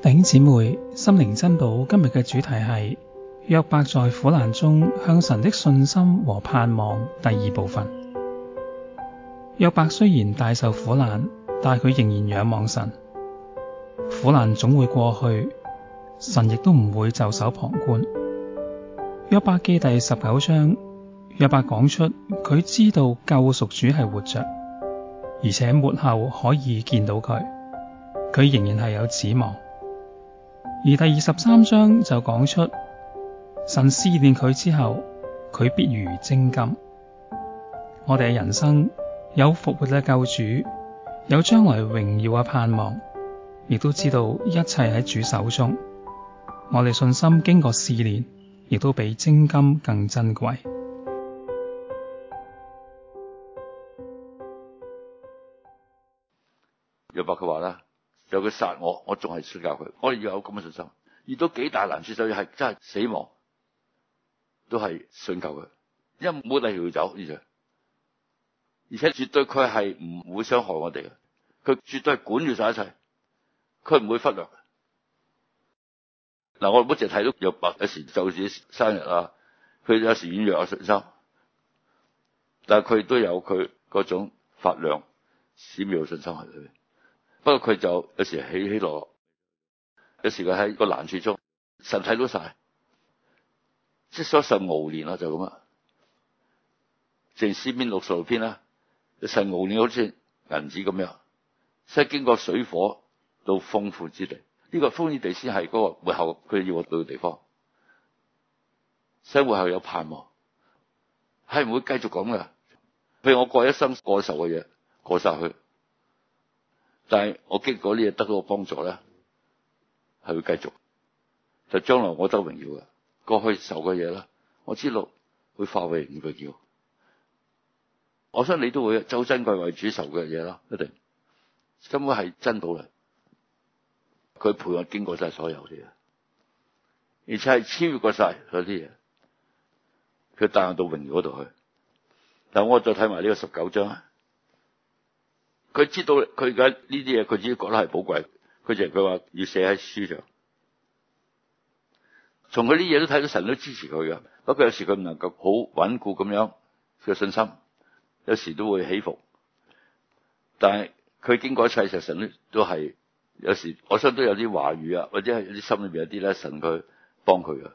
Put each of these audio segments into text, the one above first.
弟兄姊妹，心靈珍寶，今日嘅主題係約伯在苦難中向神的信心和盼望。第二部分，約伯雖然大受苦難，但佢仍然仰望神。苦難總會過去，神亦都唔會袖手旁觀。約伯記第十九章，約伯講出佢知道救贖主係活着，而且末後可以見到佢，佢仍然係有指望。而第二十三章就講出神試煉佢之後，佢必如精金。我哋嘅人生有復活嘅救主，有將來榮耀嘅盼望，亦都知道一切喺主手中。我哋信心經過試煉，亦都比精金更珍貴。約伯佢話啦。就佢殺我，我仲係信教佢。我哋要有咁嘅信心，遇到幾大難處，就要、是、係真係死亡都係信救佢。因為冇理由走，而且絕對佢係唔會傷害我哋嘅，佢絕對係管住晒一切，佢唔會忽略。嗱，我唔好淨睇到約伯，有時就自己生日啊，佢有時軟弱、有信心，但係佢都有佢嗰種發亮閃嘅信心喺裏不過佢就有時起起落落，有時佢喺個難處中，神睇到晒，即係所受熬煉啦就咁、是、啊。正詩篇六十六篇啦，神熬煉好似銀子咁樣，先經過水火到豐富之地。呢、這個豐富地先係嗰個末後佢要我到嘅地方。所以末後有盼望，係唔會繼續咁噶。譬如我過一生過受嘅嘢，過晒去。但係我經過呢嘢，得到嘅幫助咧，係會繼續。就將來我得榮耀嘅，過去受嘅嘢啦，我知道會化為榮耀。我想你都會，就珍貴為主受嘅嘢啦，一定根本係真道嚟。佢陪我經過晒所有啲嘢，而且係超越過晒佢啲嘢，佢帶我到榮耀度去。但我再睇埋呢個十九章啊。佢知道佢而家呢啲嘢，佢自己覺得係寶貴，佢就係佢話要寫喺書上。從佢啲嘢都睇到神都支持佢噶，不過有時佢唔能夠好穩固咁樣嘅信心，有時都會起伏。但係佢經過一切，其實神都都係有時，我相信都有啲話語啊，或者有啲心裏邊有啲咧，神佢幫佢噶。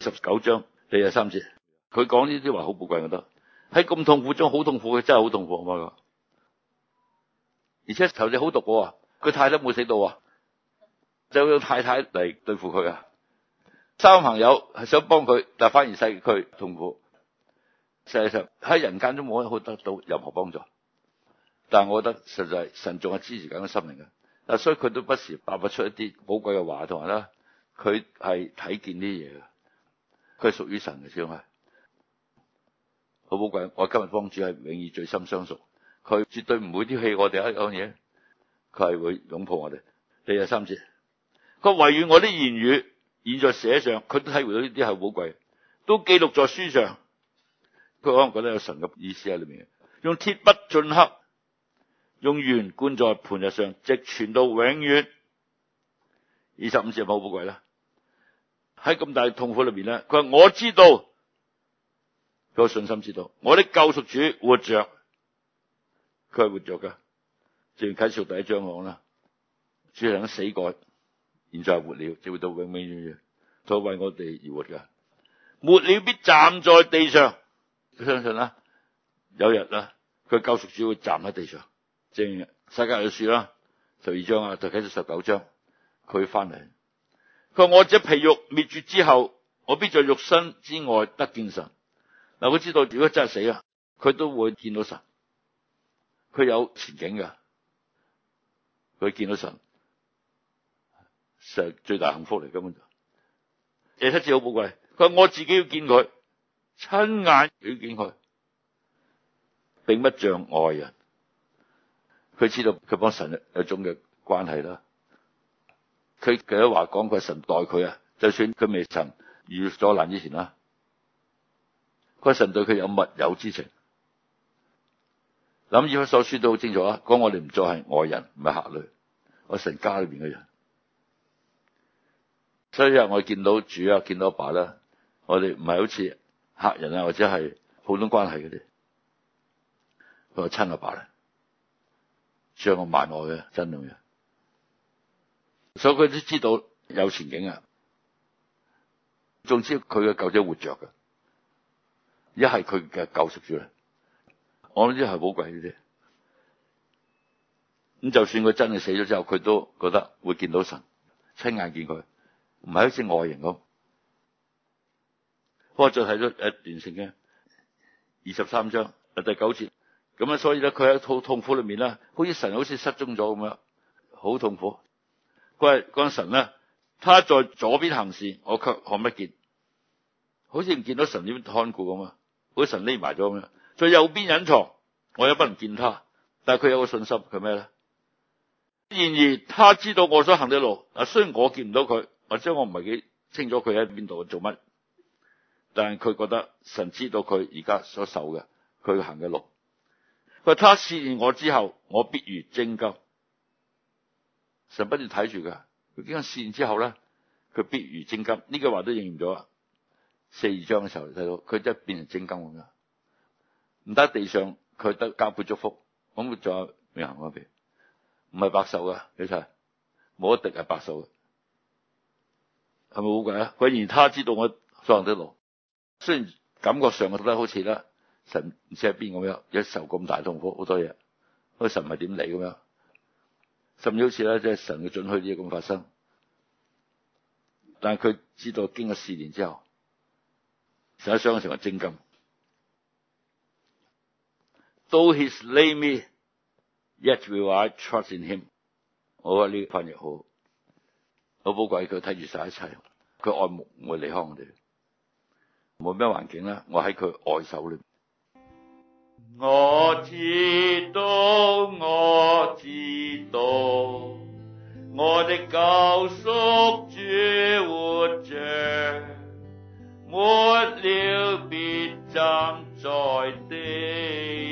十九章廿三節，佢講呢啲話好寶貴，我得喺咁痛苦中，好痛苦，佢真係好痛苦啊！我話。而且頭仔好毒嘅、啊，佢太太冇死到，啊，就有太太嚟對付佢啊！三個朋友係想幫佢，但反而使佢痛苦。世界上喺人間都冇得好得到任何幫助，但係我覺得實在神仲係支持緊佢心靈嘅。嗱，所以佢都不時爆發出一啲寶貴嘅話同埋啦，佢係睇見啲嘢嘅，佢係屬於神嘅智慧，好寶貴。我今日幫主係永遠最深相熟。佢絕對唔會丟棄我哋啊！講嘢，佢係會擁抱我哋。你有三節，佢惟願我啲言語，現在寫上，佢都體會到呢啲係寶貴，都記錄在書上。佢可能覺得有神嘅意思喺裏面，用鐵筆鐫刻，用鉛灌在磐石上，直存到永遠。二十五節係咪好寶貴咧？喺咁大痛苦裏邊咧，佢話我知道，個信心知道，我啲救贖主活着。佢係活著噶正如啟示錄第一章講啦。主係曾死過，現在是活了，直到永永遠遠，佢為我哋而活噶。末了必站在地上，佢相信啦。有日啦，佢救贖主會站喺地上。正嘅，世界有說啦，十二章啊，就睇住十九章，佢翻嚟。佢話我只皮肉滅絕之後，我必在肉身之外得見神。嗱，佢知道如果真係死啊，佢都會見到神。佢有前景噶，佢見到神，實係最大幸福嚟。根本就廿七節好寶貴。佢話我自己要見佢，親眼要見佢，並不像外人。佢知道佢幫神有種嘅關係啦。佢嘅多話講佢神待佢啊，就算佢未曾遇咗難以前啦，佢神對佢有密友之情。諗《以弗所書》都好清楚啊！講我哋唔再係外人，唔係客旅，我係神家裏邊嘅人。所以啊，我見到主啊，見到阿爸啦、啊。我哋唔係好似客人啊，或者係普通關係嗰啲。我親阿爸啦上、啊、個埋我嘅真咁嘅所以佢都知道有前景啊！總之、啊，佢嘅狗仔活着嘅，一係佢嘅救贖主。我諗呢啲係寶貴嘅，咁就算佢真係死咗之後，佢都覺得會見到神，親眼見佢，唔係好似外人咁。不過再睇咗一段成嘅二十三章第九節，咁啊，所以咧佢喺套痛苦裏面啦，好似神好似失蹤咗咁樣，好痛苦。佢話，講、那個、神咧，他在左邊行事，我卻看不見，好似唔見到神呢邊看顧咁啊，好似神匿埋咗咁樣。佢右邊隱藏，我也不能見他。但係佢有個信心，佢咩咧？然而他知道我所行嘅路。嗱，雖然我見唔到佢，或者我唔係幾清楚佢喺邊度做乜，但係佢覺得神知道佢而家所受嘅，佢行嘅路。佢話，他試驗我之後，我必如精金。神不斷睇住佢。佢經過試驗之後咧？佢必如精金。呢句話都應驗咗啊。四章嘅時候睇到，佢真係變成精金咁樣。唔得地上，佢得加倍祝福。咁仲有命行嗰邊？唔係白受㗎。你睇，冇一滴係白受嘅，係咪好鬼啊？然而他知道我所行的路。雖然感覺上我覺得好似咧，神唔知喺邊咁樣，有受咁大痛苦，好多嘢，佢神唔係點理咁樣？甚至好似咧，即係神嘅准許啲嘢咁發生。但係佢知道經過四年之後，一成啲傷變成精金。Though he slay me, yet will I trust in him。我話呢個翻譯好，好寶貴，佢睇住晒一切，佢愛唔會離開我哋，冇咩環境啦，我喺佢愛手裏。我知道，我知道，我的救贖主活着，末了必站在地。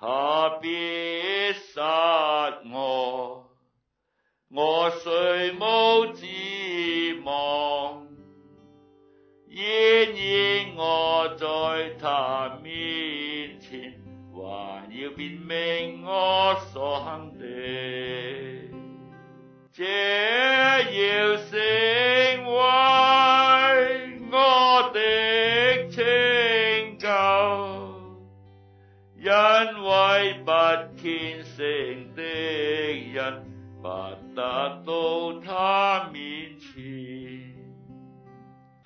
他必殺我，我雖無指望，然而我在他面前，還要辯明我所行的。